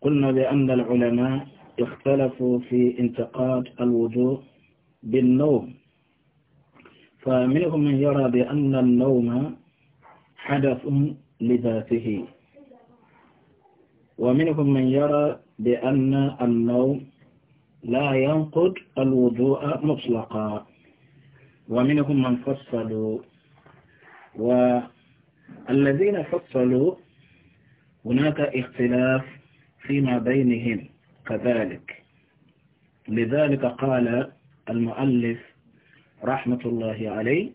قلنا بأن العلماء اختلفوا في انتقاد الوضوء بالنوم فمنهم من يرى بأن النوم حدث لذاته ومنهم من يرى بأن النوم لا ينقض الوضوء مطلقا ومنهم من فصلوا والذين فصلوا هناك اختلاف فيما بينهم كذلك لذلك قال المؤلف رحمة الله عليه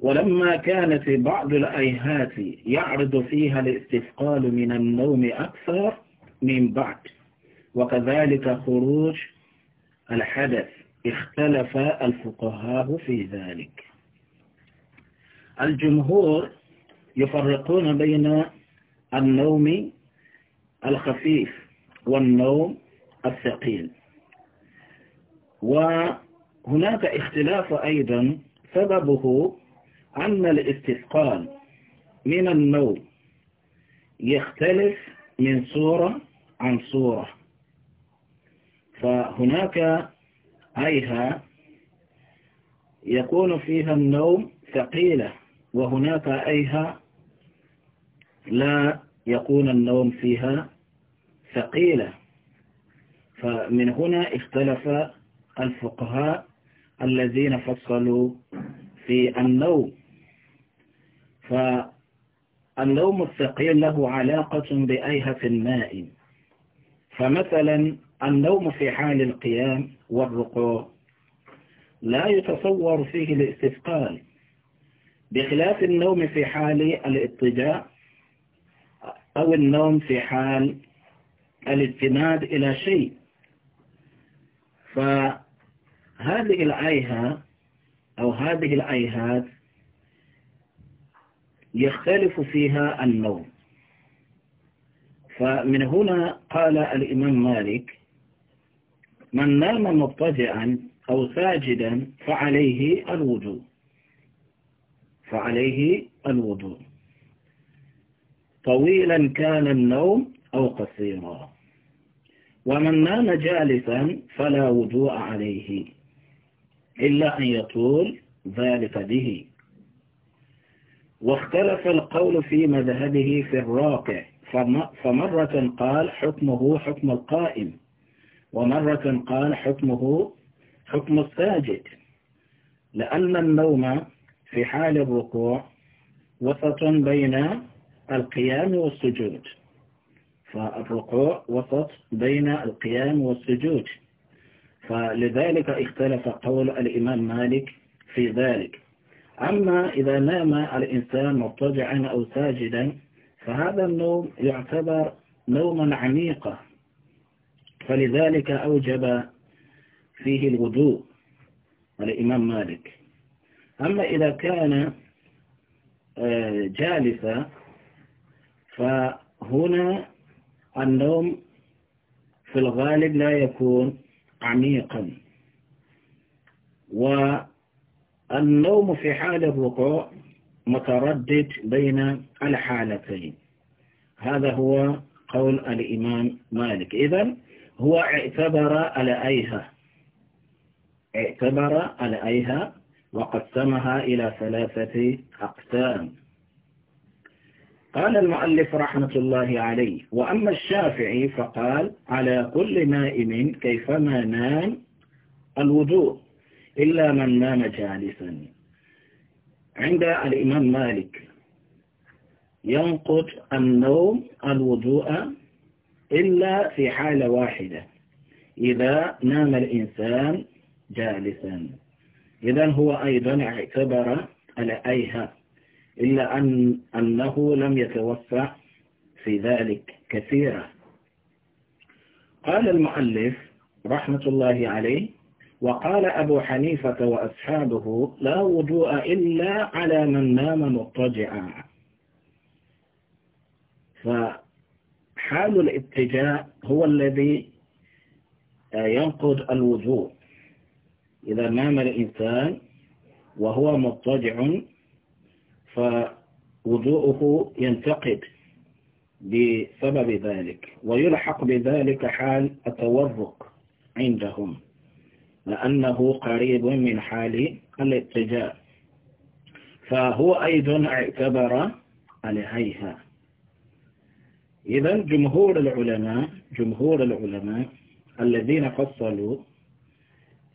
ولما كان في بعض الأيهات يعرض فيها الاستثقال من النوم أكثر من بعد وكذلك خروج الحدث اختلف الفقهاء في ذلك الجمهور يفرقون بين النوم الخفيف والنوم الثقيل وهناك اختلاف أيضا سببه أن الاستثقال من النوم يختلف من صورة عن صورة فهناك أيها يكون فيها النوم ثقيلة وهناك أيها لا يكون النوم فيها ثقيلة فمن هنا اختلف الفقهاء الذين فصلوا في النوم فالنوم الثقيل له علاقة بأيهة النائم فمثلا النوم في حال القيام والرقوع لا يتصور فيه الاستثقال بخلاف النوم في حال الاضطجاع أو النوم في حال الاستناد إلى شيء فهذه الآيها أو هذه الأيهات يختلف فيها النوم فمن هنا قال الإمام مالك من نام مضطجعا أو ساجدا فعليه الوضوء فعليه الوضوء طويلا كان النوم أو قصيرا ومن نام جالسا فلا وضوء عليه إلا أن يطول ذلك به واختلف القول في مذهبه في الراقع فمرة قال حكمه حكم القائم ومرة قال حكمه حكم الساجد لأن النوم في حال الركوع وسط بين القيام والسجود فالركوع وسط بين القيام والسجود فلذلك اختلف قول الإمام مالك في ذلك أما إذا نام الإنسان مضطجعا أو ساجدا فهذا النوم يعتبر نوما عميقا فلذلك أوجب فيه الوضوء الإمام مالك أما إذا كان آه، جالسا فهنا النوم في الغالب لا يكون عميقا والنوم في حال الوقوع متردد بين الحالتين هذا هو قول الإمام مالك إذا هو اعتبر على أيها اعتبر على أيها وقسمها إلى ثلاثة أقسام قال المؤلف رحمة الله عليه وأما الشافعي فقال على كل نائم كيفما نام الوضوء إلا من نام جالسا عند الإمام مالك ينقض النوم الوضوء إلا في حالة واحدة إذا نام الإنسان جالسا إذا هو أيضا اعتبر على أيها إلا أن أنه لم يتوفى في ذلك كثيرا قال المؤلف رحمة الله عليه وقال أبو حنيفة وأصحابه لا وضوء إلا على من نام مضطجعا فحال الاتجاء هو الذي ينقض الوضوء إذا نام الإنسان وهو مضطجع فوضوءه ينتقد بسبب ذلك ويلحق بذلك حال التورق عندهم لأنه قريب من حال الاتجاه فهو أيضا اعتبر عليها إذا جمهور العلماء جمهور العلماء الذين فصلوا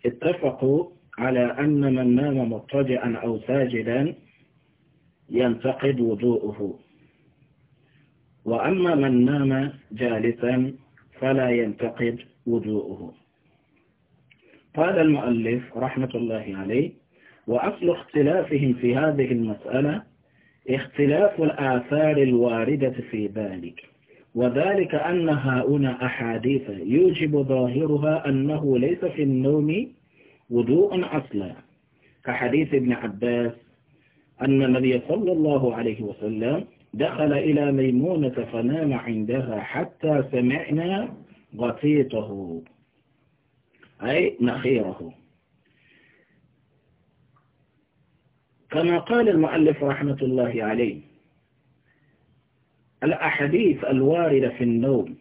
اتفقوا على أن من نام مضطجعا أو ساجدا ينتقد وضوءه وأما من نام جالسا فلا ينتقد وضوءه قال المؤلف رحمة الله عليه وأصل اختلافهم في هذه المسألة اختلاف الآثار الواردة في ذلك وذلك أن هؤلاء أحاديث يوجب ظاهرها أنه ليس في النوم وضوء أصلا كحديث ابن عباس أن النبي صلى الله عليه وسلم دخل إلى ميمونة فنام عندها حتى سمعنا غطيطه أي نخيره كما قال المؤلف رحمة الله عليه الأحاديث الواردة في النوم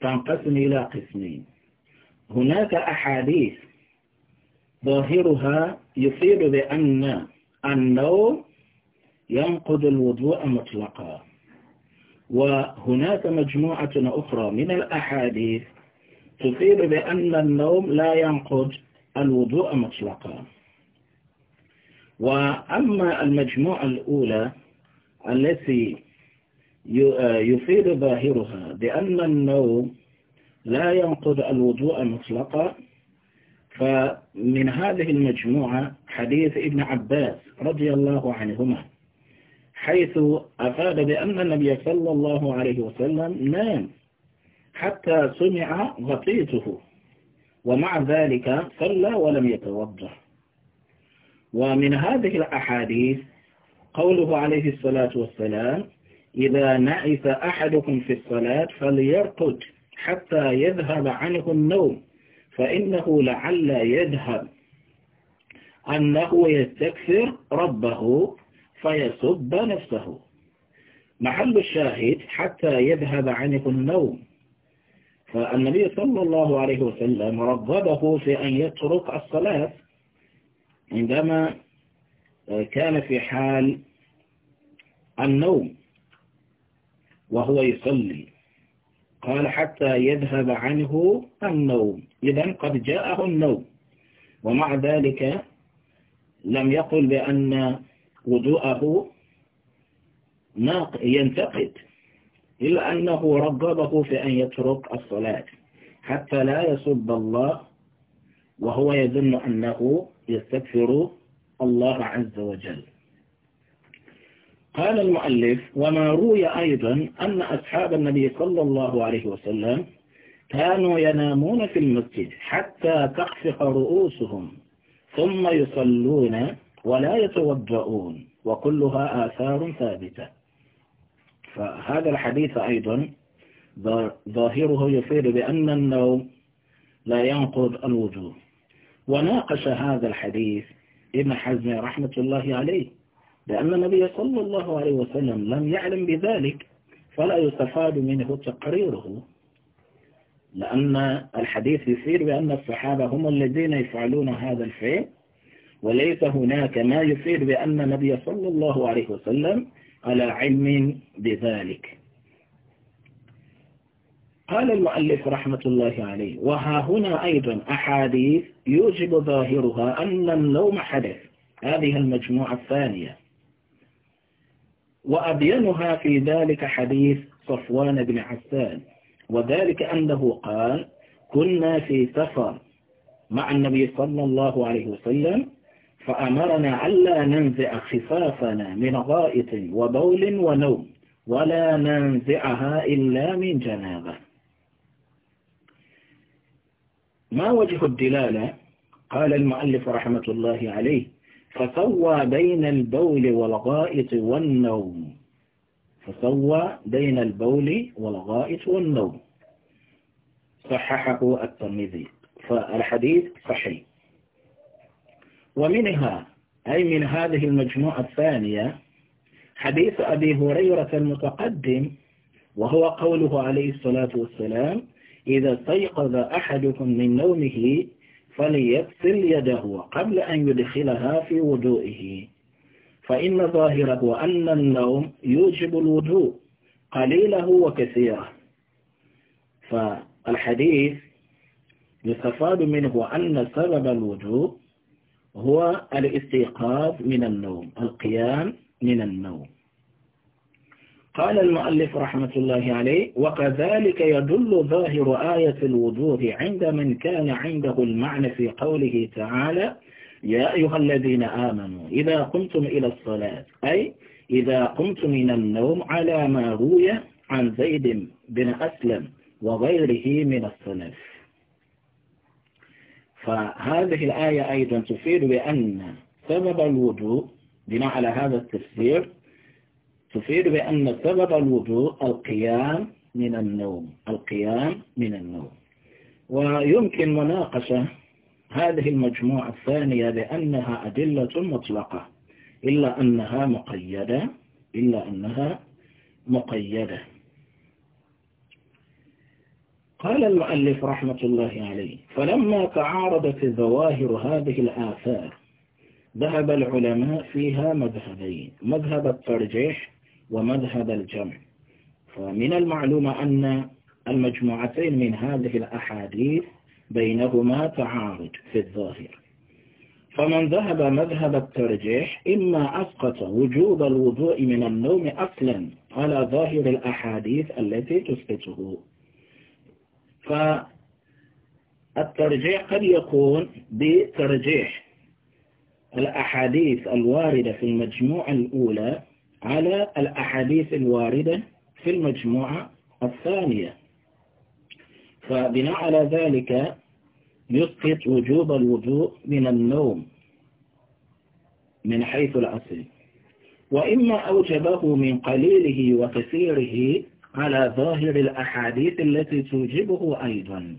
تنقسم إلى قسمين هناك أحاديث ظاهرها يصيب بأن النوم ينقض الوضوء مطلقا وهناك مجموعة أخرى من الأحاديث تفيد بأن النوم لا ينقض الوضوء مطلقا وأما المجموعة الأولى التي آه، يفيد ظاهرها بأن النوم لا ينقض الوضوء مطلقا فمن هذه المجموعة حديث ابن عباس رضي الله عنهما حيث أفاد بأن النبي صلى الله عليه وسلم نام حتى سمع غطيته ومع ذلك صلى ولم يتوضا ومن هذه الأحاديث قوله عليه الصلاة والسلام إذا نعس أحدكم في الصلاة فليرقد حتى يذهب عنه النوم فإنه لعل يذهب أنه يستكثر ربه فيسب نفسه محل الشاهد حتى يذهب عنه النوم فالنبي صلى الله عليه وسلم رغبه في أن يترك الصلاة عندما كان في حال النوم وهو يصلي قال حتى يذهب عنه النوم إذا قد جاءه النوم ومع ذلك لم يقل بأن وضوءه ينتقد إلا أنه رغبه في أن يترك الصلاة حتى لا يصد الله وهو يظن أنه يستكفر الله عز وجل قال المؤلف وما روي أيضا أن أصحاب النبي صلى الله عليه وسلم كانوا ينامون في المسجد حتى تخفق رؤوسهم ثم يصلون ولا يتوضؤون وكلها آثار ثابتة فهذا الحديث أيضا ظاهره يفيد بأن النوم لا ينقض الوجوه وناقش هذا الحديث ابن حزم رحمة الله عليه لأن النبي صلى الله عليه وسلم لم يعلم بذلك فلا يستفاد منه تقريره لأن الحديث يشير بأن الصحابة هم الذين يفعلون هذا الفعل وليس هناك ما يشير بأن النبي صلى الله عليه وسلم على علم بذلك قال المؤلف رحمة الله عليه وها هنا أيضا أحاديث يوجب ظاهرها أن اللوم حدث هذه المجموعة الثانية وأبينها في ذلك حديث صفوان بن عسان وذلك أنه قال كنا في سفر مع النبي صلى الله عليه وسلم فأمرنا ألا ننزع خفافنا من غائط وبول ونوم ولا ننزعها إلا من جنابة ما وجه الدلالة قال المؤلف رحمة الله عليه فسوى بين البول والغائط والنوم فسوى بين البول والغائط والنوم صححه الترمذي فالحديث صحيح ومنها أي من هذه المجموعة الثانية حديث أبي هريرة المتقدم وهو قوله عليه الصلاة والسلام إذا استيقظ أحدكم من نومه فليغسل يده قبل أن يدخلها في وضوئه فإن ظاهره أن النوم يوجب الوضوء قليله وكثيره فالحديث يستفاد منه أن سبب الوضوء هو الاستيقاظ من النوم القيام من النوم قال المؤلف رحمة الله عليه وكذلك يدل ظاهر آية الوجوه عند من كان عنده المعنى في قوله تعالى يا أيها الذين آمنوا إذا قمتم إلى الصلاة أي إذا قمتم من النوم على ما روي عن زيد بن أسلم وغيره من السلف فهذه الآية أيضا تفيد بأن سبب الوضوء بناء على هذا التفسير تفيد بأن سبب الوضوء القيام من النوم القيام من النوم ويمكن مناقشة هذه المجموعة الثانية لأنها أدلة مطلقة إلا أنها مقيدة إلا أنها مقيدة قال المؤلف رحمة الله عليه فلما تعارضت ظواهر هذه الآثار ذهب العلماء فيها مذهبين مذهب الترجيح ومذهب الجمع فمن المعلوم أن المجموعتين من هذه الأحاديث بينهما تعارض في الظاهر فمن ذهب مذهب الترجيح إما أسقط وجوب الوضوء من النوم أصلا على ظاهر الأحاديث التي تثبته فالترجيح قد يكون بترجيح الأحاديث الواردة في المجموعة الأولى على الأحاديث الواردة في المجموعة الثانية فبناء على ذلك يسقط وجوب الوضوء من النوم من حيث الأصل وإما أوجبه من قليله وكثيره على ظاهر الأحاديث التي توجبه أيضا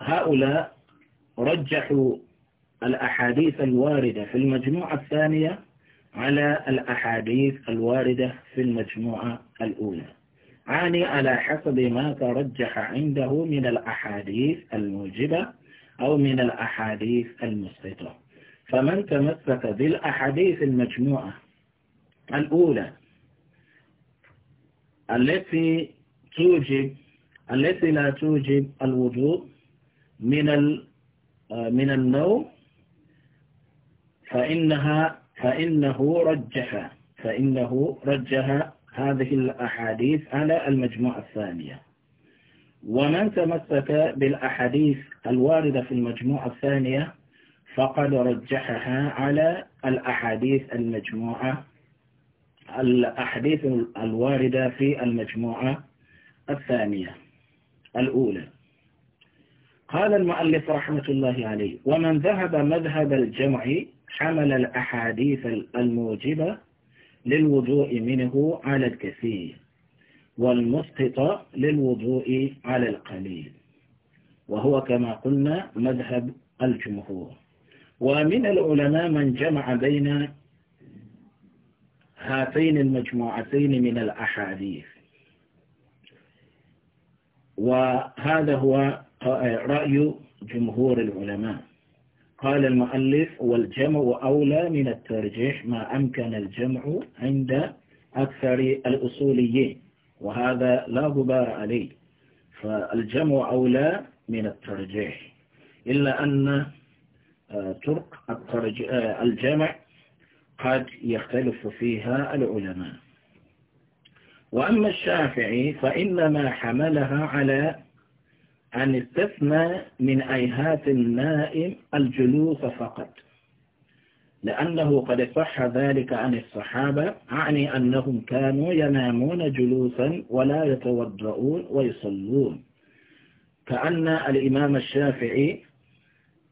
فهؤلاء رجحوا الأحاديث الواردة في المجموعة الثانية على الأحاديث الواردة في المجموعة الأولى عاني على حسب ما ترجح عنده من الأحاديث الموجبة أو من الأحاديث المسقطة فمن تمسك بالأحاديث المجموعة الأولى التي توجب التي لا توجب الوضوء من آه، من النوم فإنها فإنه رجح فإنه رجح هذه الأحاديث على المجموعة الثانية ومن تمسك بالأحاديث الواردة في المجموعة الثانية فقد رجحها على الأحاديث المجموعة الأحاديث الواردة في المجموعة الثانية الأولى قال المؤلف رحمة الله عليه ومن ذهب مذهب الجمع حمل الأحاديث الموجبة للوضوء منه على الكثير والمسقط للوضوء على القليل وهو كما قلنا مذهب الجمهور ومن العلماء من جمع بين هاتين المجموعتين من الأحاديث وهذا هو رأي جمهور العلماء قال المؤلف والجمع أولى من الترجيح ما أمكن الجمع عند أكثر الأصوليين وهذا لا غبار عليه فالجمع أولى من الترجيح إلا أن آه، ترك آه، الجمع قد يختلف فيها العلماء وأما الشافعي فإنما حملها على أن استثنى من أيهات النائم الجلوس فقط لأنه قد صح ذلك عن الصحابة أعني أنهم كانوا ينامون جلوسا ولا يتوضؤون ويصلون كأن الإمام الشافعي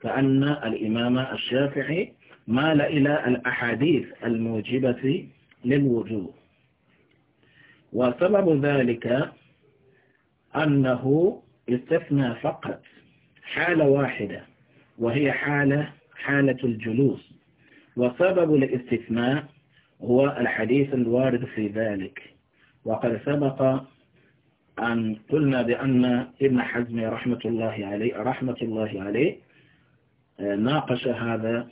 كأن الإمام الشافعي مال إلى الأحاديث الموجبة للوجوه وسبب ذلك أنه يستثنى فقط حالة واحدة وهي حالة حالة الجلوس وسبب الاستثناء هو الحديث الوارد في ذلك وقد سبق أن قلنا بأن ابن حزم رحمة الله عليه رحمة الله عليه آه، ناقش هذا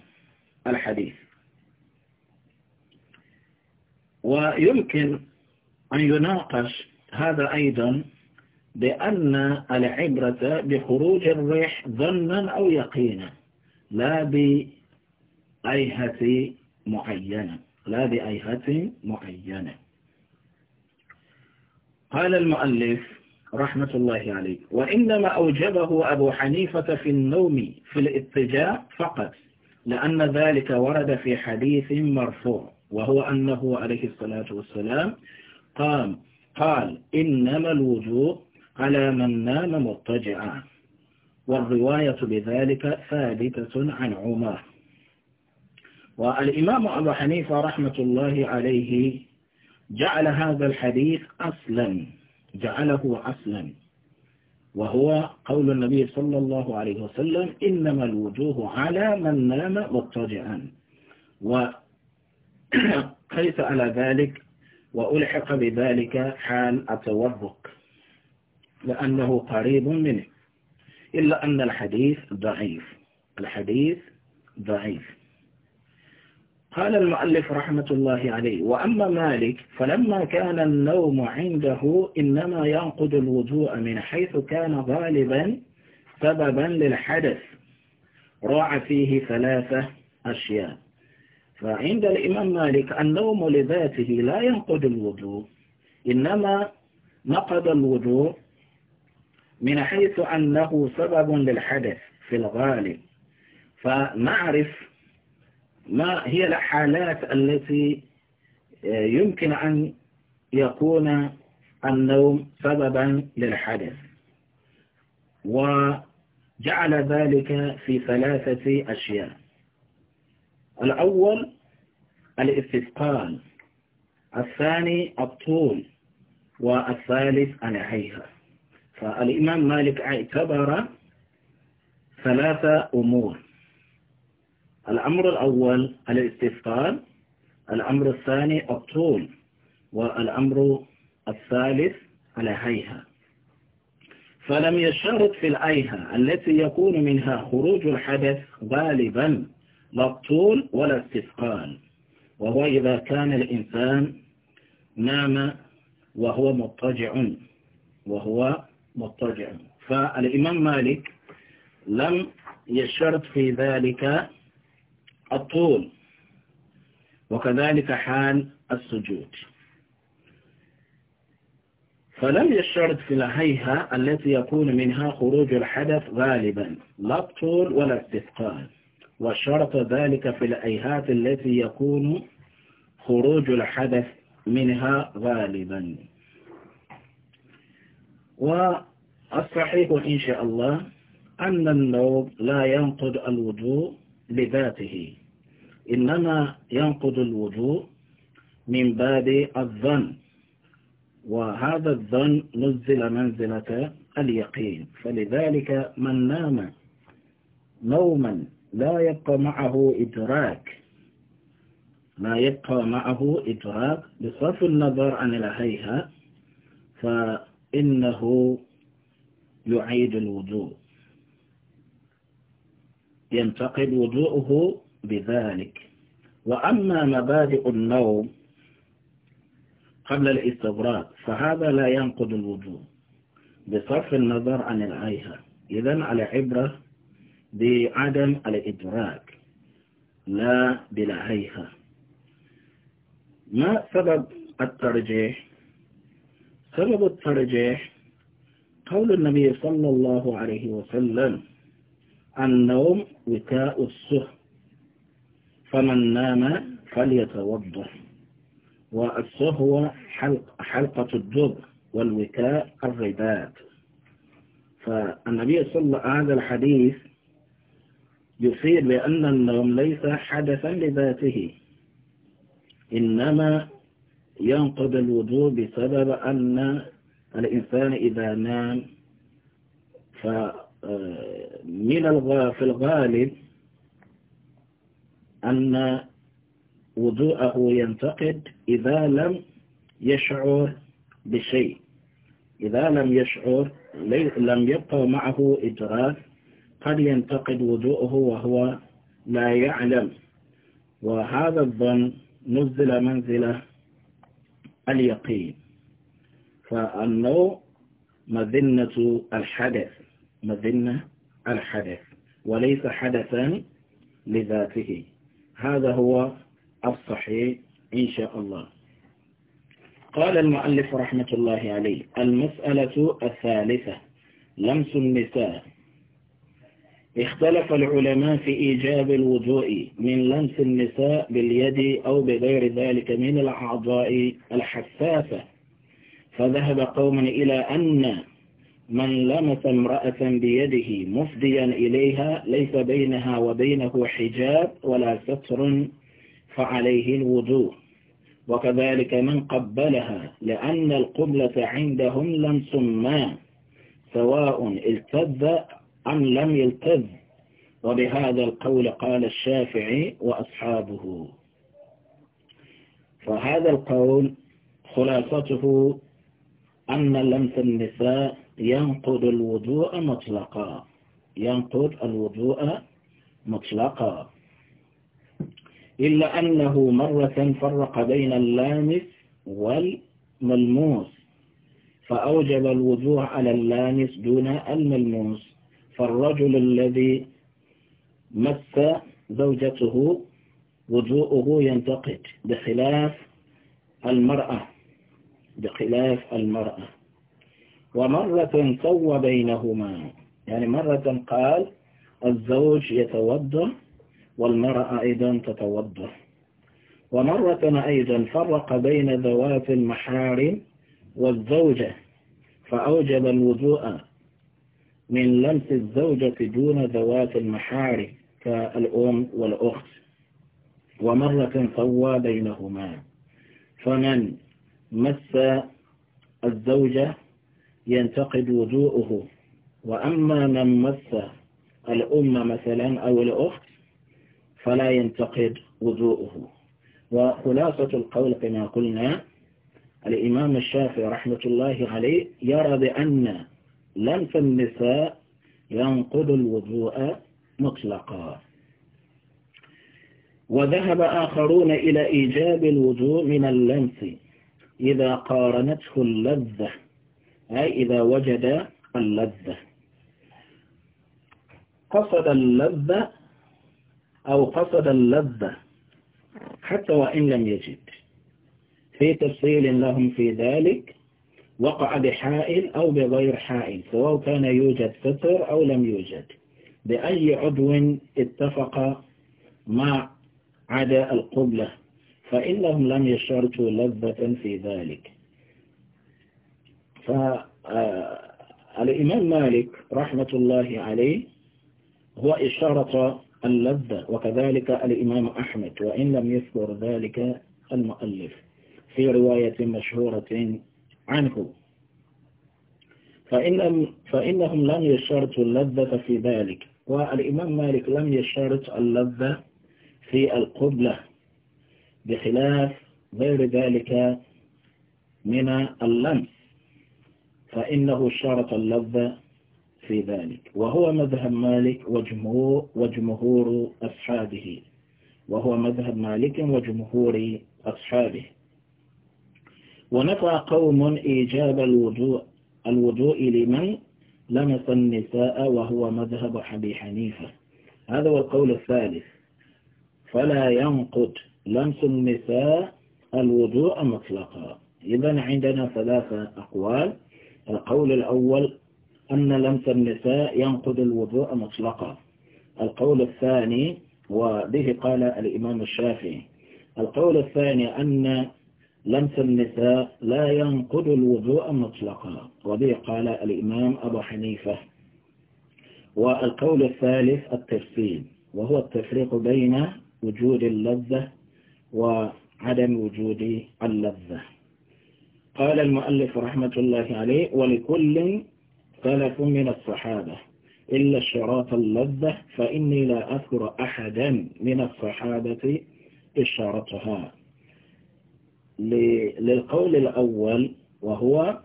الحديث ويمكن أن يناقش هذا أيضا بأن العبرة بخروج الريح ظنا أو يقينا لا بأيهة معينة لا بأيهة معينة قال المؤلف رحمة الله عليه وإنما أوجبه أبو حنيفة في النوم في الاتجاه فقط لأن ذلك ورد في حديث مرفوع وهو أنه عليه الصلاة والسلام قام قال إنما الوجوب على من نام مضطجعا والرواية بذلك ثابتة عن عمر والإمام أبو حنيفة رحمة الله عليه جعل هذا الحديث أصلا جعله أصلا وهو قول النبي صلى الله عليه وسلم إنما الوجوه على من نام مضطجعا وقيس على ذلك وألحق بذلك حال التورق لأنه قريب منه إلا أن الحديث ضعيف الحديث ضعيف قال المؤلف رحمة الله عليه وأما مالك فلما كان النوم عنده إنما ينقض الوضوء من حيث كان غالبا سببا للحدث راعى فيه ثلاثة أشياء فعند الإمام مالك النوم لذاته لا ينقض الوضوء إنما نقض الوضوء من حيث أنه سبب للحدث في الغالب فنعرف ما هي الحالات التي يمكن أن يكون النوم سببا للحدث وجعل ذلك في ثلاثة أشياء الأول الاستثقال الثاني الطول والثالث أنحيها فالإمام مالك اعتبر ثلاثة أمور الأمر الأول الاستثقال الأمر الثاني الطول والأمر الثالث هيها فلم يشترط في الأيها التي يكون منها خروج الحدث غالبا لا الطول ولا استثقال وهو إذا كان الإنسان نام وهو مضطجع وهو مضطجعا فالإمام مالك لم يشرط في ذلك الطول وكذلك حال السجود فلم يشرط في الهيئة التي يكون منها خروج الحدث غالبا لا الطول ولا استثقال وشرط ذلك في الأيهات التي يكون خروج الحدث منها غالبا والصحيح إن شاء الله أن النوم لا ينقض الوضوء لذاته إنما ينقض الوضوء من باب الظن وهذا الظن نزل منزلة اليقين فلذلك من نام نوما لا يبقى معه إدراك لا يبقى معه إدراك بصرف النظر عن الهيها فالنظر إنه يعيد الوضوء ينتقد وضوءه بذلك وأما مبادئ النوم قبل الاستبراق فهذا لا ينقض الوضوء بصرف النظر عن العيها إذا على عبرة بعدم الإدراك لا بلعيها ما سبب الترجيح سبب الترجيح قول النبي صلى الله عليه وسلم النوم وكاء السه فمن نام فليتوضا والسهو حلق حلقة الدب والوكاء الرباط فالنبي صلى الله عليه هذا الحديث يفيد بأن النوم ليس حدثا لذاته إنما ينقض الوضوء بسبب أن الإنسان إذا نام فمن آه، في الغالب أن وضوءه ينتقد إذا لم يشعر بشيء إذا لم يشعر لم يبقى معه إدراك قد ينتقد وضوءه وهو لا يعلم وهذا الظن نزل منزله اليقين فأنه مذنة الحدث مذنة الحدث وليس حدثا لذاته هذا هو الصحيح إن شاء الله قال المؤلف رحمة الله عليه المسألة الثالثة لمس النساء اختلف العلماء في إيجاب الوضوء من لمس النساء باليد أو بغير ذلك من الأعضاء الحساسة فذهب قوم إلى أن من لمس امرأة بيده مفديا إليها ليس بينها وبينه حجاب ولا ستر فعليه الوضوء وكذلك من قبلها لأن القبلة عندهم لمس ما سواء التذ أم لم يلتذ وبهذا القول قال الشافعي وأصحابه فهذا القول خلاصته أن لمس النساء ينقض الوضوء مطلقا ينقض الوضوء مطلقا إلا أنه مرة فرق بين اللامس والملموس فأوجب الوضوء على اللامس دون الملموس فالرجل الذي مس زوجته وضوءه ينتقد بخلاف المرأة بخلاف المرأة ومرة سوى بينهما يعني مرة قال الزوج يتوضأ والمرأة أيضا تتوضأ ومرة أيضا فرق بين ذوات المحارم والزوجة فأوجب الوضوء من لمس الزوجة دون ذوات المحارم كالأم والأخت ومرة سوى بينهما فمن مس الزوجة ينتقد وضوءه وأما من مس الأم مثلا أو الأخت فلا ينتقد وضوءه وخلاصة القول كما قلنا الإمام الشافعي رحمة الله عليه يرى بأن لمس النساء ينقض الوضوء مطلقا وذهب آخرون إلى إيجاب الوضوء من اللمس إذا قارنته اللذة أي إذا وجد اللذة قصد اللذة أو قصد اللذة حتى وإن لم يجد في تفصيل لهم في ذلك وقع بحائل أو بغير حائل سواء كان يوجد ستر أو لم يوجد بأي عضو اتفق مع عدا القبلة فإنهم لم يشرتوا لذة في ذلك فالإمام آه، مالك رحمة الله عليه هو إشارة اللذة وكذلك الإمام أحمد وإن لم يذكر ذلك المؤلف في رواية مشهورة عنه فإن فإنهم لم يشترطوا اللذة في ذلك والإمام مالك لم يشترط اللذة في القبلة بخلاف غير ذلك من اللمس فإنه شرط اللذة في ذلك وهو مذهب مالك وجمهور أصحابه وهو مذهب مالك وجمهور أصحابه ونفى قوم إيجاب الوجوء, الوجوء لمن لمس النساء وهو مذهب أبي حنيفة هذا هو القول الثالث فلا ينقض لمس النساء الوضوء مطلقا إذا عندنا ثلاثة أقوال القول الأول أن لمس النساء ينقض الوضوء مطلقا القول الثاني وبه قال الإمام الشافعي القول الثاني أن لمس النساء لا ينقض الوضوء مطلقا وبه قال الإمام أبو حنيفة والقول الثالث التفصيل وهو التفريق بين وجود اللذة وعدم وجود اللذة قال المؤلف رحمة الله عليه ولكل ثلاث من الصحابة إلا الشراط اللذة فإني لا أذكر أحدا من الصحابة إشارتها للقول الأول وهو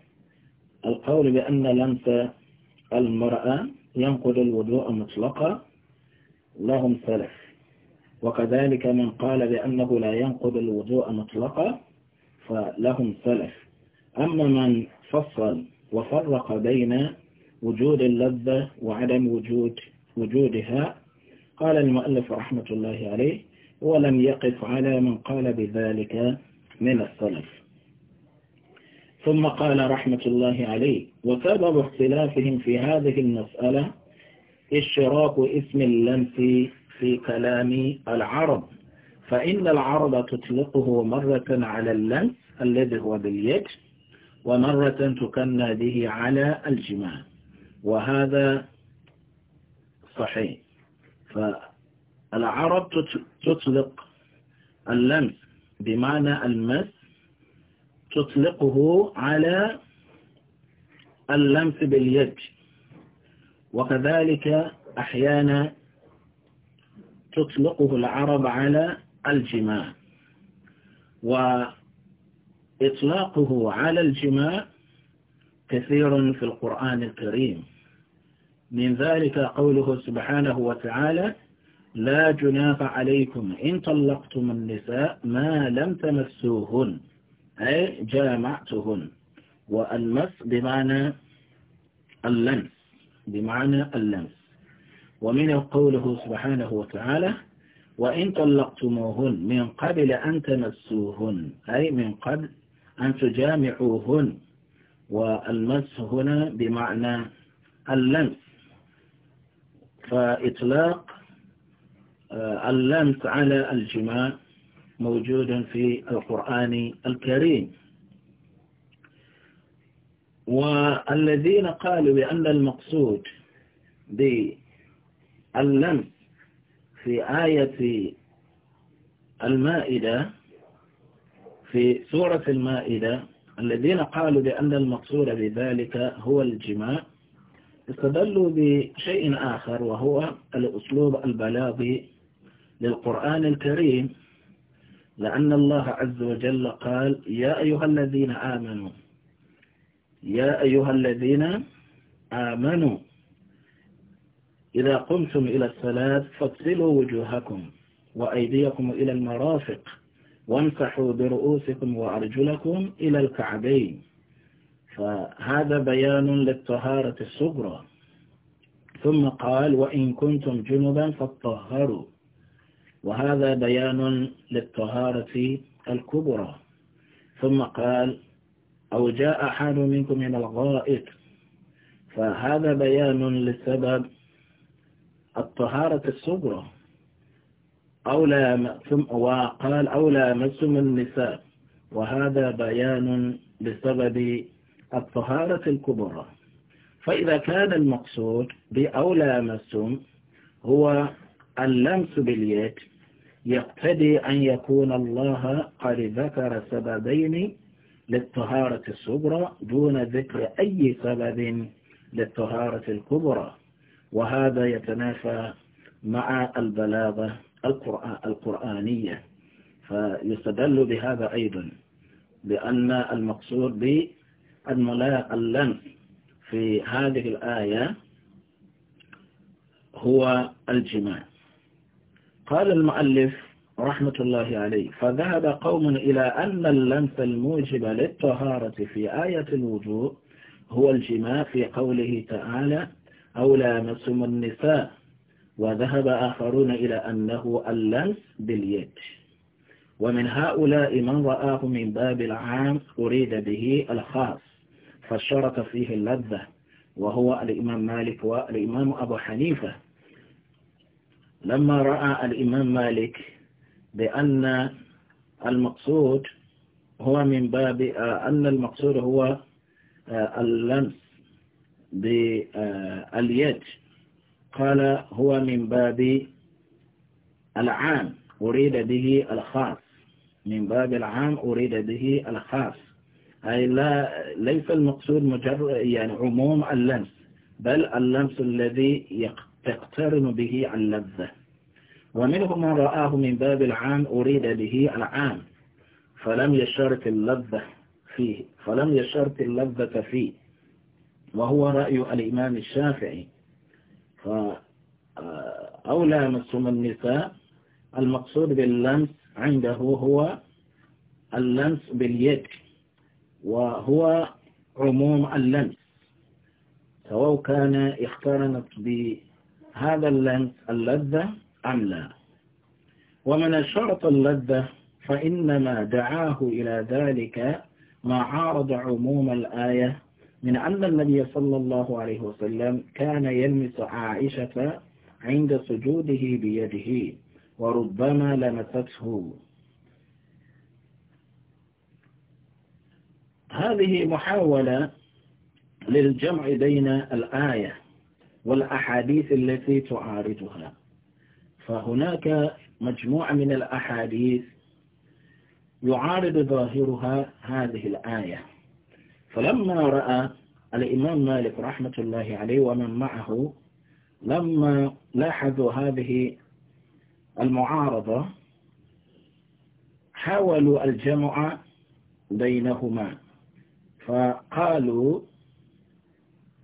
القول بأن لمس المرأة ينقض الوضوء مطلقا لهم ثلاث وكذلك من قال بأنه لا ينقض الوضوء مطلقا فلهم ثلاث أما من فصل وفرق بين وجود اللذة وعدم وجود وجودها قال المؤلف رحمة الله عليه ولم يقف على من قال بذلك من السلف ثم قال رحمة الله عليه وسبب اختلافهم في هذه المسألة اشتراك اسم اللمس في كلام العرب فإن العرب تطلقه مرة على اللمس الذي هو باليد ومرة تكنى به على الجماع وهذا صحيح فالعرب تطلق اللمس بمعنى المس تطلقه على اللمس باليد وكذلك أحيانا تطلقه العرب على الجماع وإطلاقه على الجماع كثير في القرآن الكريم من ذلك قوله سبحانه وتعالى لا جناح عليكم إن طلقتم النساء ما لم تمسوهن أي جامعتهن والمس بمعنى اللمس بمعنى اللمس ومن قوله سبحانه وتعالى وإن طلقتموهن من قبل أن تمسوهن أي من قبل أن تجامعوهن والمس هنا بمعنى اللمس فإطلاق آه، اللمس على الجماع موجود في القرآن الكريم والذين قالوا بأن المقصود باللمس في آية المائدة في سورة المائدة الذين قالوا بأن المقصود بذلك هو الجماع استدلوا بشيء آخر وهو الأسلوب البلاغي للقرآن الكريم لأن الله عز وجل قال يا أيها الذين آمنوا يا أيها الذين آمنوا إذا قمتم إلى الصلاة فاغسلوا وجوهكم وأيديكم إلى المرافق وانفحوا برؤوسكم وأرجلكم إلى الكعبين فهذا بيان للطهارة الصغرى ثم قال وإن كنتم جنبا فاطهروا وهذا بيان للطهارة الكبرى ثم قال أو جاء أحد منكم من الغائط فهذا بيان للسبب الطهارة الصغرى أو لا وقال أو مسم النساء وهذا بيان بسبب الطهارة الكبرى فإذا كان المقصود بأولى مسم هو اللمس باليد يقتضي أن يكون الله قد ذكر سببين للطهارة الصغرى دون ذكر أي سبب للطهارة الكبرى وهذا يتنافى مع البلاغة القرآنية فيستدل بهذا أيضا بأن المقصود باللمس في هذه الآية هو الجماع قال المؤلف رحمة الله عليه فذهب قوم إلى أن اللمس الموجب للطهارة في آية الوجوء هو الجماع في قوله تعالى أو لامسهم النساء وذهب آخرون إلى أنه اللمس باليد ومن هؤلاء من رآه من باب العام أريد به الخاص فشرك فيه اللذة وهو الإمام مالك والإمام أبو حنيفة لما رأى الإمام مالك بأن المقصود هو من باب آه، أن المقصود هو آه، اللمس باليد قال هو من باب العام أريد به الخاص من باب العام أريد به الخاص أي لا ليس المقصود مجرد يعني عموم اللمس بل اللمس الذي يقتضي تقترن به اللذة ومنهم من رآه من باب العام أريد به العام فلم يشرط اللذة فيه فلم يشرط اللذة فيه وهو رأي الإمام الشافعي أو لامستم النساء المقصود باللمس عنده هو اللمس باليد وهو عموم اللمس سواء كان اخترنت ب هذا اللذة أم لا ومن شرط اللذة فإنما دعاه إلى ذلك ما عارض عموم الآية من أن النبي صلى الله عليه وسلم كان يلمس عائشة عند سجوده بيده وربما لمسته هذه محاولة للجمع بين الآية والأحاديث التي تعارضها فهناك مجموعة من الأحاديث يعارض ظاهرها هذه الآية فلما رأى الإمام مالك رحمة الله عليه ومن معه لما لاحظوا هذه المعارضة حاولوا الجمع بينهما فقالوا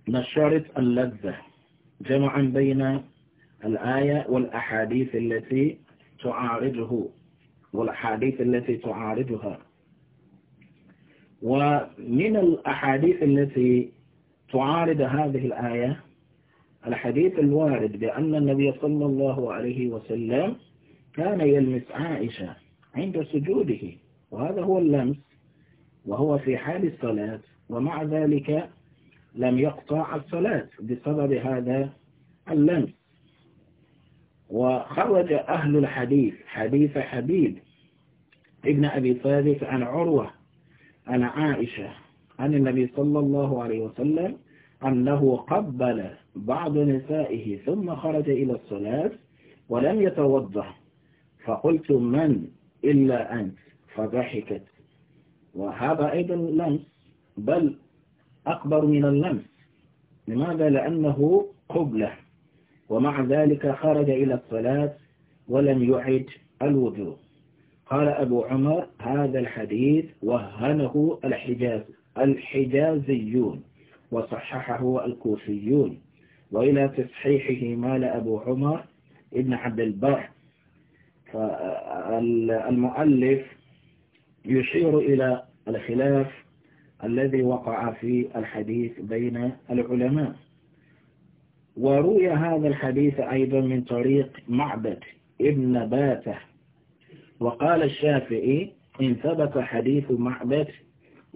نشرت اللذة جمعا بين الآية والأحاديث التي تعارضه والأحاديث التي تعارضها ومن الأحاديث التي تعارض هذه الآية الحديث الوارد بأن النبي صلى الله عليه وسلم كان يلمس عائشة عند سجوده وهذا هو اللمس وهو في حال الصلاة ومع ذلك لم يقطع الصلاة بسبب هذا اللمس وخرج أهل الحديث حديث حبيب ابن أبي ثابت عن عروة عن عائشة عن النبي صلى الله عليه وسلم أنه قبل بعض نسائه ثم خرج إلى الصلاة ولم يتوضأ فقلت من إلا أنت فضحكت وهذا أيضا لمس بل أكبر من اللمس لماذا؟ لأنه قبلة ومع ذلك خرج إلى الصلاة ولم يعد الوجوه قال أبو عمر هذا الحديث وهنه الحجاز الحجازيون وصححه الكوفيون وإلى تصحيحه مال أبو عمر ابن عبد البر فالمؤلف يشير إلى الخلاف الذي وقع في الحديث بين العلماء وروي هذا الحديث أيضا من طريق معبد ابن باتة وقال الشافعي إن ثبت حديث معبد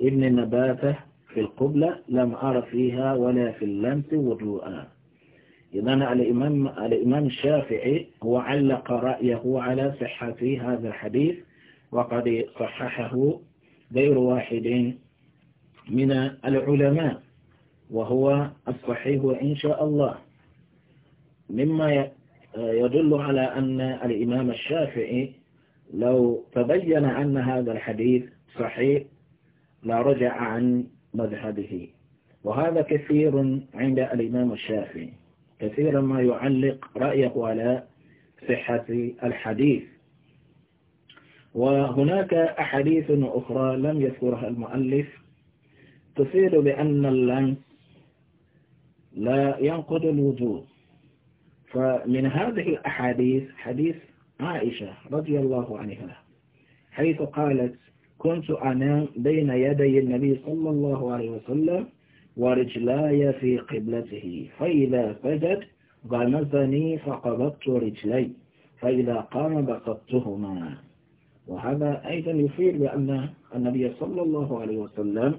ابن نباتة في القبلة لم أر فيها ولا في اللمس وضوءا إذا الإمام الإمام الشافعي هو علق رأيه على صحة هذا الحديث وقد صححه غير واحد من العلماء وهو الصحيح إن شاء الله مما يدل على أن الإمام الشافعي لو تبين أن هذا الحديث صحيح لرجع عن مذهبه وهذا كثير عند الإمام الشافعي كثيرا ما يعلق رأيه على صحة الحديث وهناك أحاديث أخرى لم يذكرها المؤلف تفيد بأن اللن لا ينقض الوجود فمن هذه الأحاديث حديث عائشة رضي الله عنها حيث قالت كنت أنام بين يدي النبي صلى الله عليه وسلم ورجلاي في قبلته فإذا فجد غمزني فقبضت رجلي فإذا قام بسطتهما وهذا أيضا يفيد بأن النبي صلى الله عليه وسلم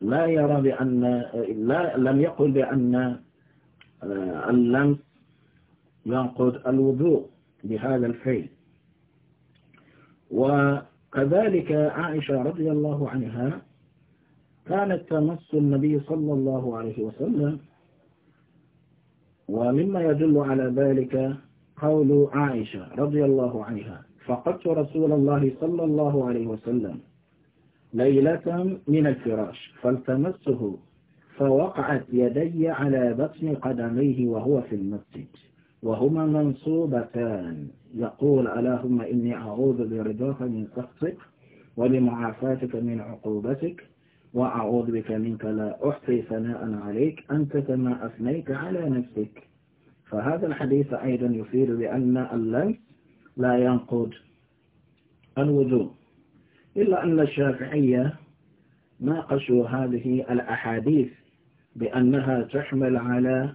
لا يرى بأن لا لم يقل بأن آه، اللمس ينقض الوضوء بهذا الفعل وكذلك عائشة رضي الله عنها كانت تمس النبي صلى الله عليه وسلم ومما يدل على ذلك قول عائشة رضي الله عنها فقدت رسول الله صلى الله عليه وسلم ليلة من الفراش فالتمسه فوقعت يدي على بطن قدميه وهو في المسجد وهما منصوبتان يقول اللهم إني أعوذ برضاك من سخطك ولمعافاتك من عقوبتك وأعوذ بك منك لا أحصي ثناء عليك أنت كما أثنيت على نفسك فهذا الحديث أيضا يفيد بأن اللمس لا ينقض الوجود إلا أن الشافعية ناقشوا هذه الأحاديث بأنها تحمل على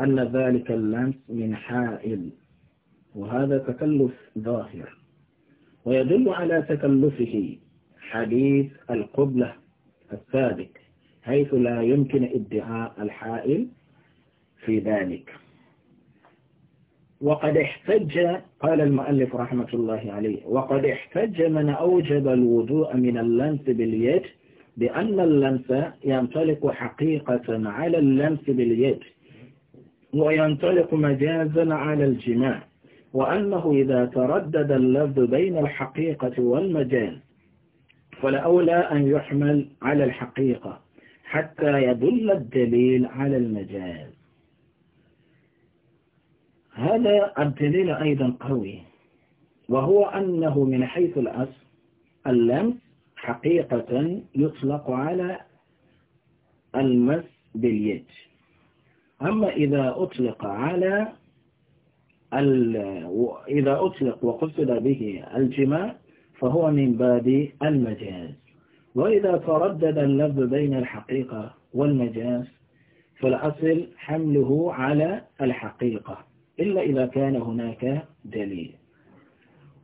أن ذلك اللمس من حائل وهذا تكلف ظاهر ويدل على تكلفه حديث القبلة السابق حيث لا يمكن ادعاء الحائل في ذلك وقد احتج قال المؤلف رحمة الله عليه وقد احتج من أوجب الوضوء من اللمس باليد بأن اللمس ينطلق حقيقة على اللمس باليد وينطلق مجازا على الجماع وأنه إذا تردد اللفظ بين الحقيقة والمجاز فلأولى أن يحمل على الحقيقة حتى يدل الدليل على المجاز هذا الدليل أيضا قوي وهو أنه من حيث الأصل اللمس حقيقة يطلق على المس باليد أما إذا أطلق على إذا أطلق وقصد به الجماع فهو من باب المجاز وإذا تردد اللفظ بين الحقيقة والمجاز فالأصل حمله على الحقيقة إلا إذا كان هناك دليل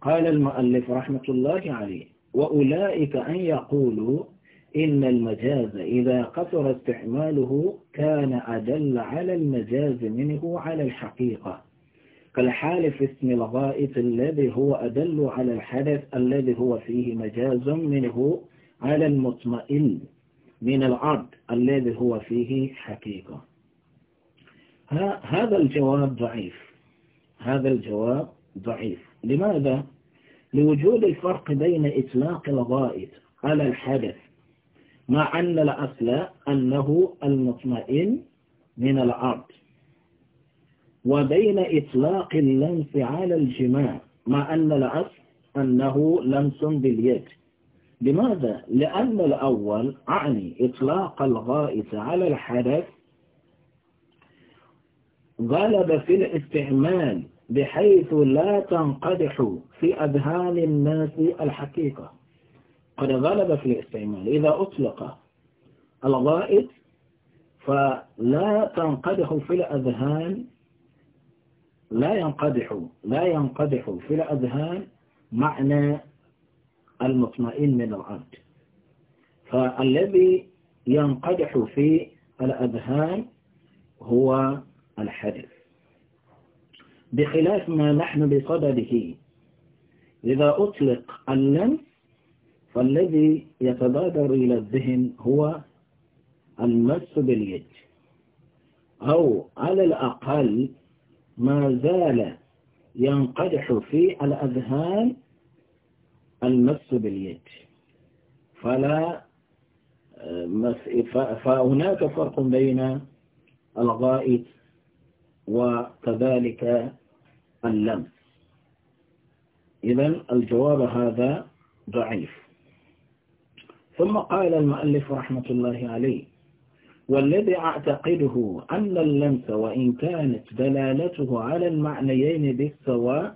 قال المؤلف رحمة الله عليه وأولئك أن يقولوا إن المجاز إذا قصر استعماله كان أدل على المجاز منه على الحقيقة كالحال في اسم الغائط الذي هو أدل على الحدث الذي هو فيه مجاز منه على المطمئن من العرض الذي هو فيه حقيقة هذا الجواب ضعيف هذا الجواب ضعيف لماذا؟ لوجود الفرق بين إطلاق الغائط على الحدث مع أن الأصل أنه المطمئن من الأرض وبين إطلاق اللمس على الجماع مع أن الأصل أنه لمس باليد لماذا؟ لأن الأول أعني إطلاق الغائط على الحدث غلب في الاستعمال بحيث لا تنقدح في أذهان الناس الحقيقة قد غلب في الاستعمال إذا أطلق الغائط فلا تنقدح في الأذهان لا ينقدح لا ينقدح في الأذهان معنى المطمئن من العبد فالذي ينقدح في الأذهان هو الحدث بخلاف ما نحن بصدده إذا أطلق اللم فالذي يتبادر إلى الذهن هو المس باليد أو على الأقل ما زال ينقدح في الأذهان المس باليد فلا آه، فهناك فرق بين الغائط وكذلك اللم إذا الجواب هذا ضعيف ثم قال المؤلف رحمة الله عليه والذي أعتقده أن اللمس وإن كانت دلالته على المعنيين بالسواء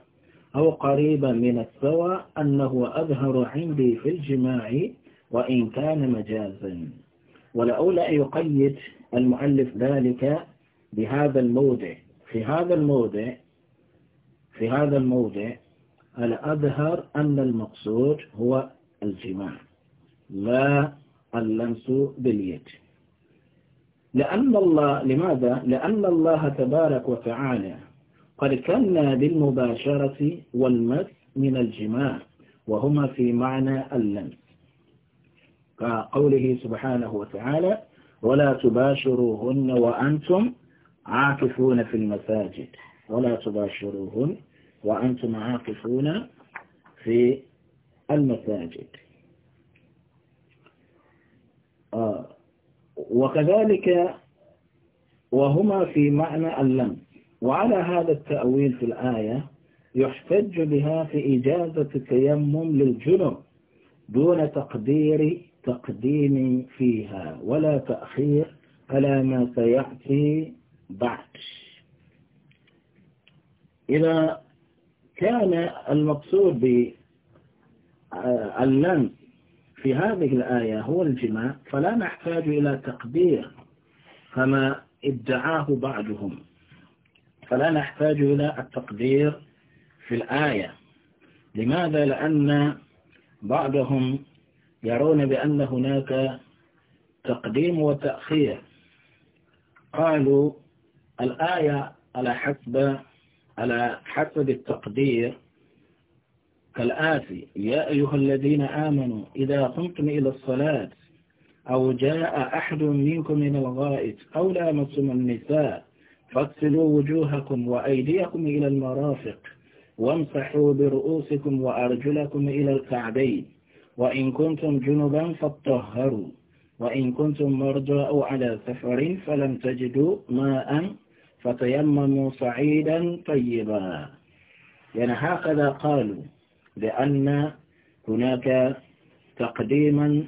أو قريبا من السواء أنه أظهر عندي في الجماع وإن كان مجازا ولأولى يقيد المؤلف ذلك بهذا الموضع في هذا الموضع في هذا الموضع الأظهر أن المقصود هو الجماع لا اللمس باليد لأن الله لماذا؟ لأن الله تبارك وتعالى قد كنا بالمباشرة والمس من الجماع وهما في معنى اللمس كقوله سبحانه وتعالى ولا تباشروهن وأنتم عاكفون في المساجد ولا تباشروهن وأنتم عاكفون في المساجد آه. وكذلك وهما في معنى اللم وعلى هذا التأويل في الآية يحتج بها في إجازة التيمم للجنب دون تقدير تقديم فيها ولا تأخير على ما سيأتي بعد إذا كان المقصود باللم آه، في هذه الآية هو الجماع فلا نحتاج إلى تقدير كما ادعاه بعضهم فلا نحتاج إلى التقدير في الآية لماذا؟ لأن بعضهم يرون بأن هناك تقديم وتأخير قالوا الآية على حسب على حسب التقدير كالآتي يا أيها الذين آمنوا إذا قمتم إلى الصلاة أو جاء أحد منكم من الغائط أو لامستم النساء فاغسلوا وجوهكم وأيديكم إلى المرافق وامسحوا برؤوسكم وأرجلكم إلى الكعبين وإن كنتم جنبا فطهروا وإن كنتم مرضى أو على سفر فلم تجدوا ماء فتيمموا صعيدا طيبا يعني هكذا قالوا لأن هناك تقديما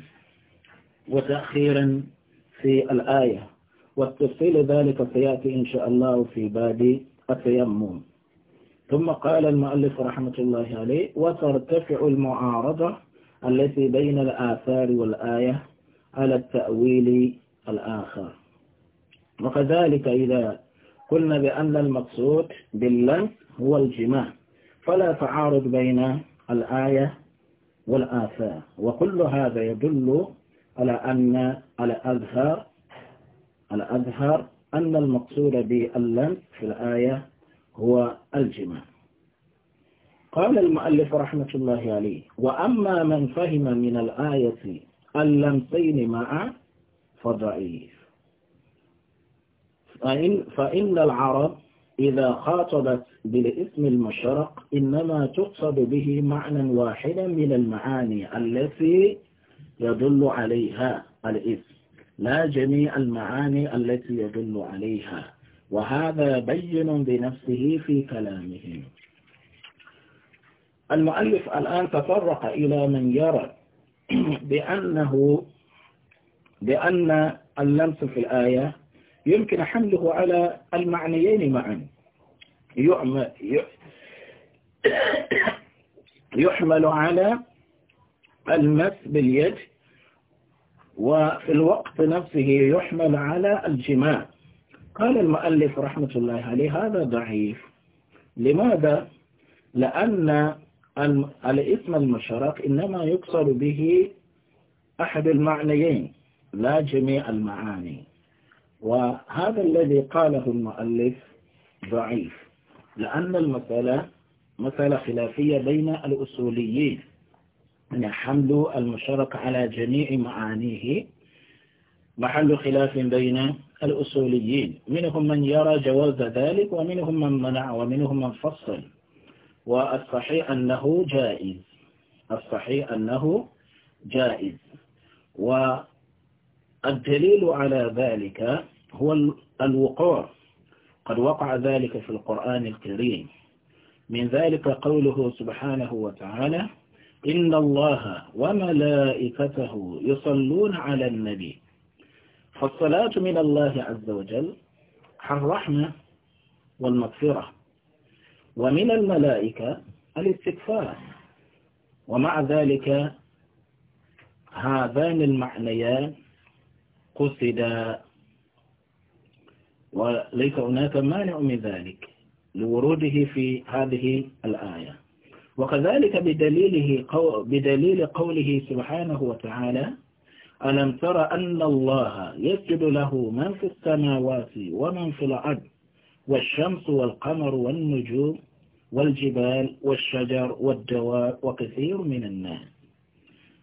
وتأخيرا في الآية والتفصيل ذلك سيأتي إن شاء الله في باب التيمم ثم قال المؤلف رحمة الله عليه وترتفع المعارضة التي بين الآثار والآية على التأويل الآخر وكذلك إذا قلنا بأن المقصود باللمس هو الجماع فلا تعارض بين الآية والآثار وكل هذا يدل على أن الأظهر الأظهر أن المقصود باللمس في الآية هو الجماع قال المؤلف رحمة الله عليه وأما من فهم من الآية اللمسين معا فضعيف فإن, فإن العرب إذا خاطبت بالاسم المشرق إنما تقصد به معنى واحدا من المعاني التي يدل عليها الاسم لا جميع المعاني التي يدل عليها وهذا بين بنفسه في كلامهم المؤلف الآن تطرق إلى من يرى بأنه بأن اللمس في الآية يمكن حمله على المعنيين معا يحمل على المس باليد وفي الوقت نفسه يحمل على الجماع قال المؤلف رحمة الله عليه هذا ضعيف لماذا؟ لأن الاسم المشارك إنما يقصر به أحد المعنيين لا جميع المعاني وهذا الذي قاله المؤلف ضعيف لأن المسألة مسألة خلافية بين الأصوليين أن يعني حمل المشترك على جميع معانيه محل خلاف بين الأصوليين منهم من يرى جواز ذلك ومنهم من منع ومنهم من فصل والصحيح أنه جائز الصحيح أنه جائز والدليل على ذلك هو الوقوع قد وقع ذلك في القرآن الكريم من ذلك قوله سبحانه وتعالى إن الله وملائكته يصلون على النبي فالصلاة من الله عز وجل الرحمة والمغفرة ومن الملائكة الاستكفار ومع ذلك هذان المعنيان قصدا وليس هناك مانع من ذلك لوروده في هذه الآية وكذلك بدليله قو بدليل قوله سبحانه وتعالى ألم تر أن الله يسجد له من في السماوات ومن في الأرض والشمس والقمر والنجوم والجبال والشجر والدواب وكثير من الناس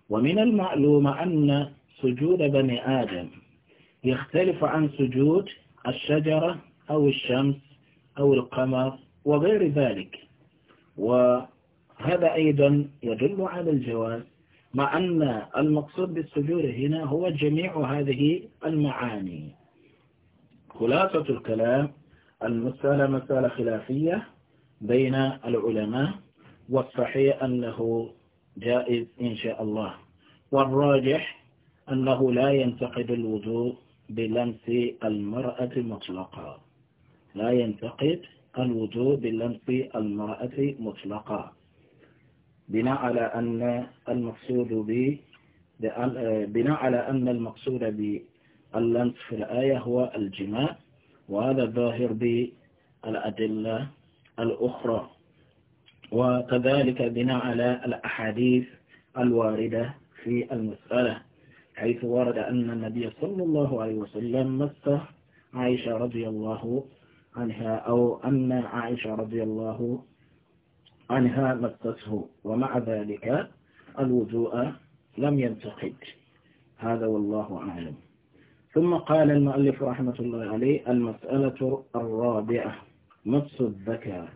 ومن المعلوم أن سجود بني آدم يختلف عن سجود الشجرة أو الشمس أو القمر وغير ذلك وهذا أيضا يدل على الجواز مع أن المقصود بالسجود هنا هو جميع هذه المعاني خلاصة الكلام المسألة مسألة خلافية بين العلماء والصحيح أنه جائز إن شاء الله والراجح أنه لا ينتقد الوضوء بلمس المرأة مطلقا لا ينتقد الوضوء بلمس المرأة مطلقا بناء على أن المقصود ب بناء على أن المقصود باللمس في الآية هو الجماع وهذا ظاهر بالأدلة الأخرى وكذلك بناء على الأحاديث الواردة في المسألة حيث ورد أن النبي صلى الله عليه وسلم مس عائشة رضي الله عنها أو أن عائشة رضي الله عنها مسته ومع ذلك الوضوء لم ينتقد هذا والله أعلم ثم قال المؤلف رحمة الله عليه المسألة الرابعة مس الذكر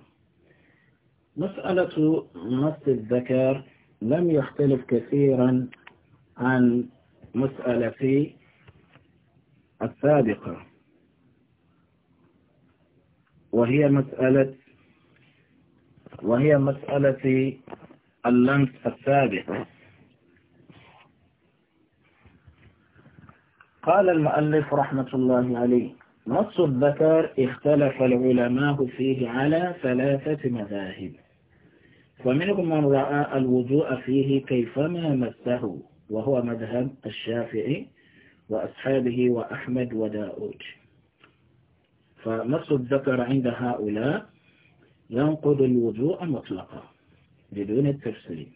مسألة مس الذكر لم يختلف كثيرا عن مسألة في السابقة وهي مسألة وهي مسألة اللمس السابق قال المؤلف رحمة الله عليه نص الذكر اختلف العلماء فيه على ثلاثة مذاهب ومنهم من رأى الوضوء فيه كيفما مسه وهو مذهب الشافعي وأصحابه وأحمد وداود فنص الذكر عند هؤلاء ينقض الوضوء مطلقا بدون التفسير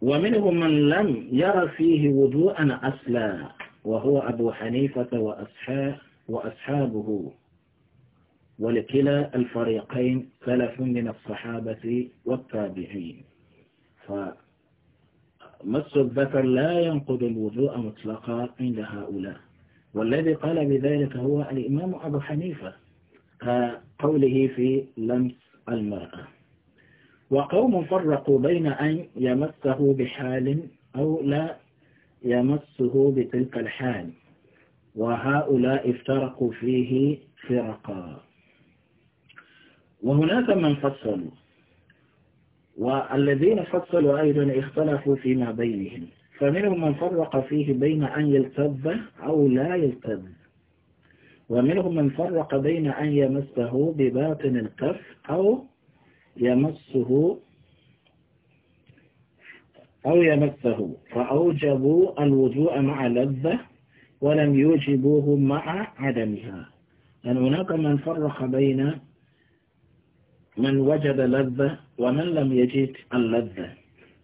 ومنهم من لم يرى فيه وضوءا أصلا وهو أبو حنيفة وأصحاب وأصحابه ولكلا الفريقين سلف من الصحابة والتابعين ف مس الذكر لا ينقض الوضوء مطلقا عند هؤلاء والذي قال بذلك هو الإمام أبو حنيفة كقوله في لمس المرأة وقوم فرقوا بين أن يمسه بحال أو لا يمسه بتلك الحال وهؤلاء افترقوا فيه فرقا وهناك من فصلوا والذين فصلوا أيضا اختلفوا فيما بينهم فمنهم من فرق فيه بين أن يلتذ أو لا يلتذ ومنهم من فرق بين أن يمسه بباطن الكف أو يمسه أو يمسه فأوجبوا الوضوء مع لذة ولم يوجبوه مع عدمها أن يعني هناك من فرق بين من وجد لذة ومن لم يجد اللذة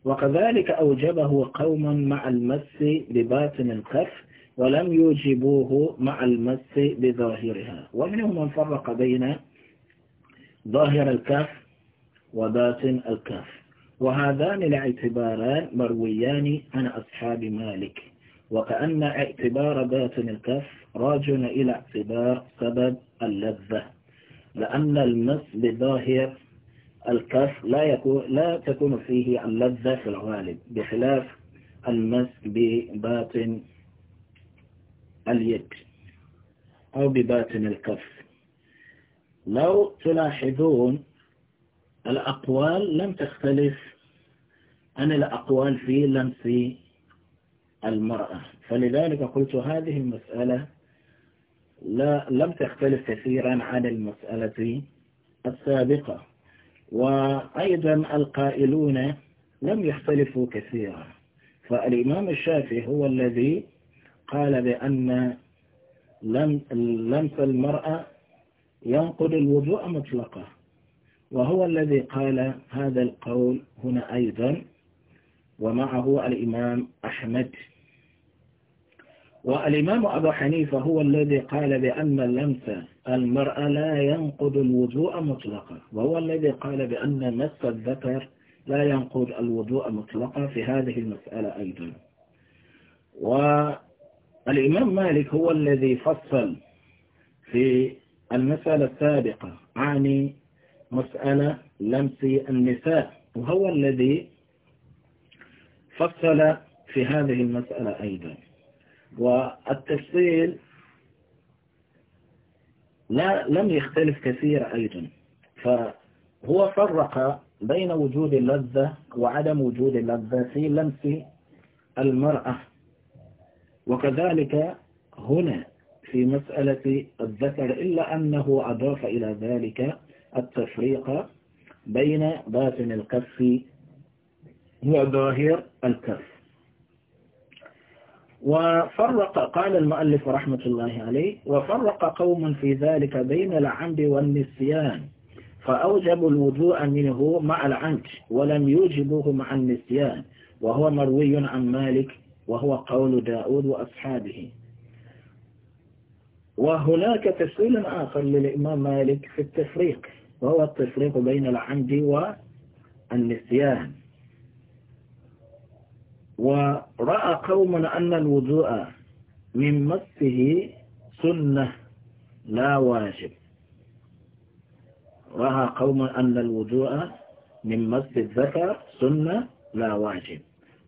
وكذلك أوجبه قوما مع المس بباطن الكف ولم يوجبوه مع المس بظاهرها ومنهم من فرق بين ظاهر الكف وباطن الكف وهذان الاعتباران مرويان عن أصحاب مالك وكأن اعتبار باطن الكف راجع إلى اعتبار سبب اللذة لأن المس بظاهر الكف لا يكون لا تكون فيه اللذة في الغالب بخلاف المس بباطن اليد أو بباطن الكف لو تلاحظون الأقوال لم تختلف عن الأقوال في لمس المرأة فلذلك قلت هذه المسألة لا لم تختلف كثيرا عن المسألة السابقة وأيضا القائلون لم يختلفوا كثيرا فالإمام الشافعي هو الذي قال بأن لمس المرأة ينقض الوضوء مطلقا وهو الذي قال هذا القول هنا أيضا ومعه الإمام أحمد والإمام أبو حنيفة هو الذي قال بأن اللمس المرأة لا ينقض الوضوء مطلقا وهو الذي قال بأن مس الذكر لا ينقض الوضوء مطلقا في هذه المسألة أيضا والإمام مالك هو الذي فصل في المسألة السابقة عن مسألة لمس النساء وهو الذي فصل في هذه المسألة أيضا والتفصيل لا لم يختلف كثير أيضا فهو فرق بين وجود اللذة وعدم وجود اللذة في لمس المرأة وكذلك هنا في مسألة الذكر إلا أنه أضاف إلى ذلك التفريق بين باطن الكف وظاهر الكف وفرق قال المؤلف رحمة الله عليه وفرق قوم في ذلك بين العمد والنسيان فأوجبوا الوضوء منه مع العمد ولم يوجبوه مع النسيان وهو مروي عن مالك وهو قول داود وأصحابه وهناك تفصيل آخر للإمام مالك في التفريق وهو التفريق بين العمد والنسيان ورأى قوما أن الوضوء من مسه سنة لا واجب رأى قوما أن الوضوء من مس الذكر سنة لا واجب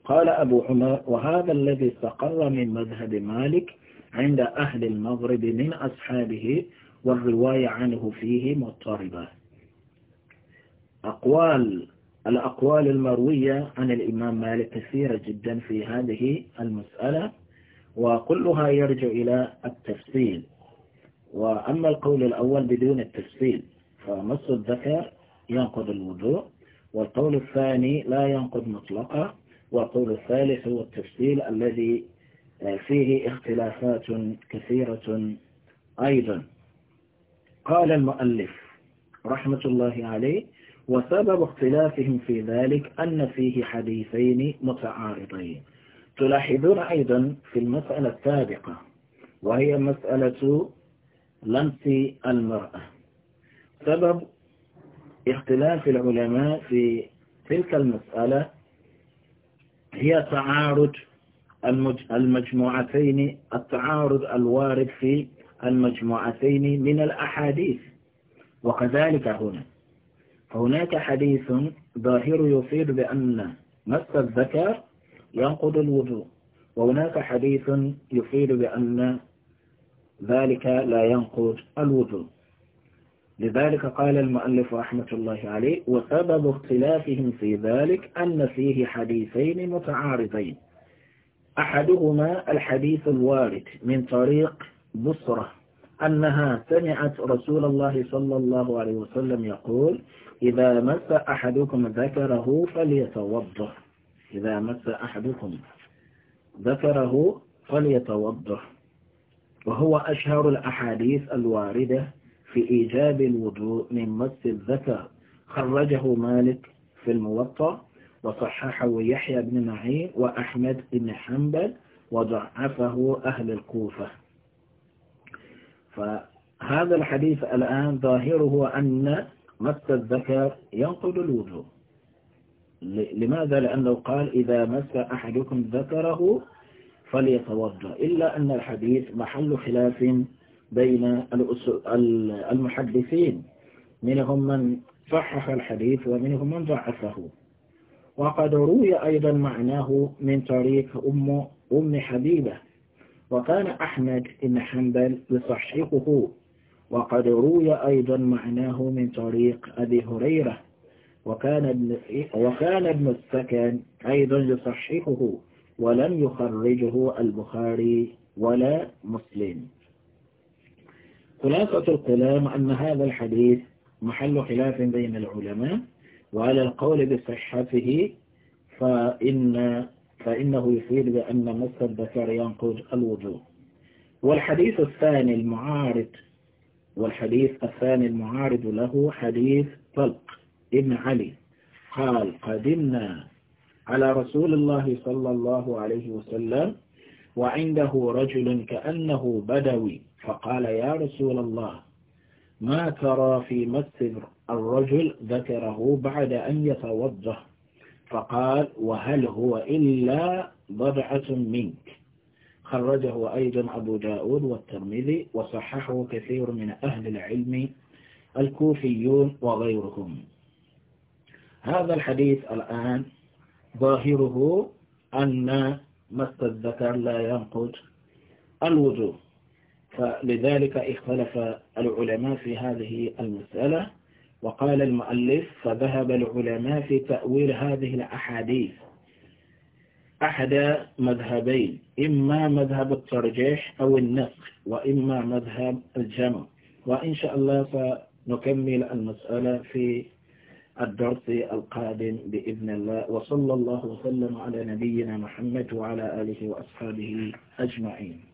قال أبو عمر وهذا الذي استقر من مذهب مالك عند أهل المغرب من أصحابه والرواية عنه فيه مضطربة أقوال الأقوال المروية عن الإمام مالك كثيرة جدا في هذه المسألة وكلها يرجع إلى التفصيل وأما القول الأول بدون التفصيل فمص الذكر ينقض الوضوء والقول الثاني لا ينقض مطلقة والقول الثالث هو التفصيل الذي آه، فيه اختلافات كثيرة أيضا قال المؤلف رحمة الله عليه وسبب اختلافهم في ذلك أن فيه حديثين متعارضين تلاحظون أيضا في المسألة السابقة وهي مسألة لمس المرأة سبب اختلاف العلماء في تلك المسألة هي تعارض المجموعتين التعارض الوارد في المجموعتين من الأحاديث وكذلك هنا هناك حديث ظاهر يصير بأن مس الذكر ينقض الوضوء وهناك حديث يفيد بأن ذلك لا ينقض الوضوء لذلك قال المؤلف رحمة الله عليه وسبب اختلافهم في ذلك أن فيه حديثين متعارضين أحدهما الحديث الوارد من طريق بصرة أنها سمعت رسول الله صلى الله عليه وسلم يقول إذا مس أحدكم ذكره فليتوضأ إذا مس أحدكم ذكره فليتوضأ وهو أشهر الأحاديث الواردة في إيجاب الوضوء من مس الذكر خرجه مالك في الموطأ وصححه يحيى بن معين وأحمد بن حنبل وضعفه أهل الكوفة فهذا الحديث الآن ظاهره أن مس الذكر ينقض الوجوه لماذا لأنه قال إذا مس أحدكم ذكره فليتوضأ إلا أن الحديث محل خلاف بين المحدثين منهم من صحح الحديث ومنهم من ضعفه وقد روي أيضا معناه من طريق أم, أم حبيبة وكان أحمد بن حنبل يصححه وقد روي أيضا معناه من طريق أبي هريرة وكان ابن, وكان ابن السكن أيضا يصححه ولم يخرجه البخاري ولا مسلم خلاصة الكلام أن هذا الحديث محل خلاف بين العلماء وعلى القول بصحته فإن فإنه يفيد بأن مس الذكر ينقض الوضوء والحديث الثاني المعارض والحديث الثاني المعارض له حديث طلق ابن علي قال قدمنا على رسول الله صلى الله عليه وسلم وعنده رجل كأنه بدوي فقال يا رسول الله ما ترى في مسجد الرجل ذكره بعد أن يتوضه فقال وهل هو إلا ضبعة منك خرجه أيضا أبو داود والترمذي وصححه كثير من أهل العلم الكوفيون وغيرهم هذا الحديث الآن ظاهره أن مس الذكر لا ينقض الوضوء فلذلك اختلف العلماء في هذه المسألة وقال المؤلف فذهب العلماء في تأويل هذه الأحاديث أحد مذهبين إما مذهب الترجيح أو النسخ وإما مذهب الجمع وإن شاء الله سنكمل المسألة في الدرس القادم بإذن الله وصلى الله وسلم على نبينا محمد وعلى آله وأصحابه أجمعين